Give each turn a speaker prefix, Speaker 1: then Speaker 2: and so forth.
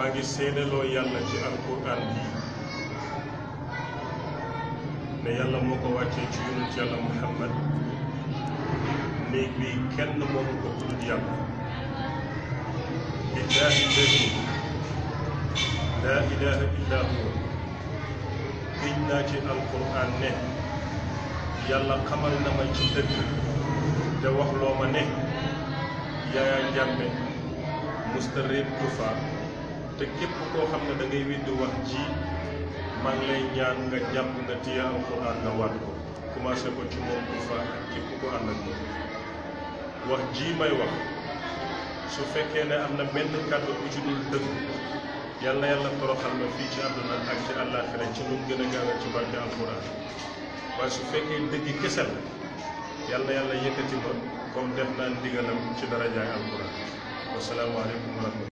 Speaker 1: maa ngi séedaloo yàlla ci alquran bi ne yàlla moo ko wàccee ci yonent yàlla muhammad néeg kenn moomu ko ku yàlla billaahi lladi naa ci alquran ne yàlla xamal na ma ci dëgg te waxloo ma ne Yaya Jammeh musta réer du te képp koo xam ne da ngay weddi wax ji maa ngi lay ñaan nga jàpp nga téye alquran nga waat ko commencé ko ci moom bu fa ak képp ko ànd ak moom wax ji may wax su fekkee ne am na benn kàddu bu ci dul dëgg yàlla yàlla toroxal ma fii ci àdduna ak ci àllaaxira ci lu mu gën a gaawee ci barke alquran waaye su fekkee dëgg kese la yàlla yàlla yëkkati ma comme def naa ndigalam ci dara jaay alquran
Speaker 2: wasalaamaaleykum wa rahmatulah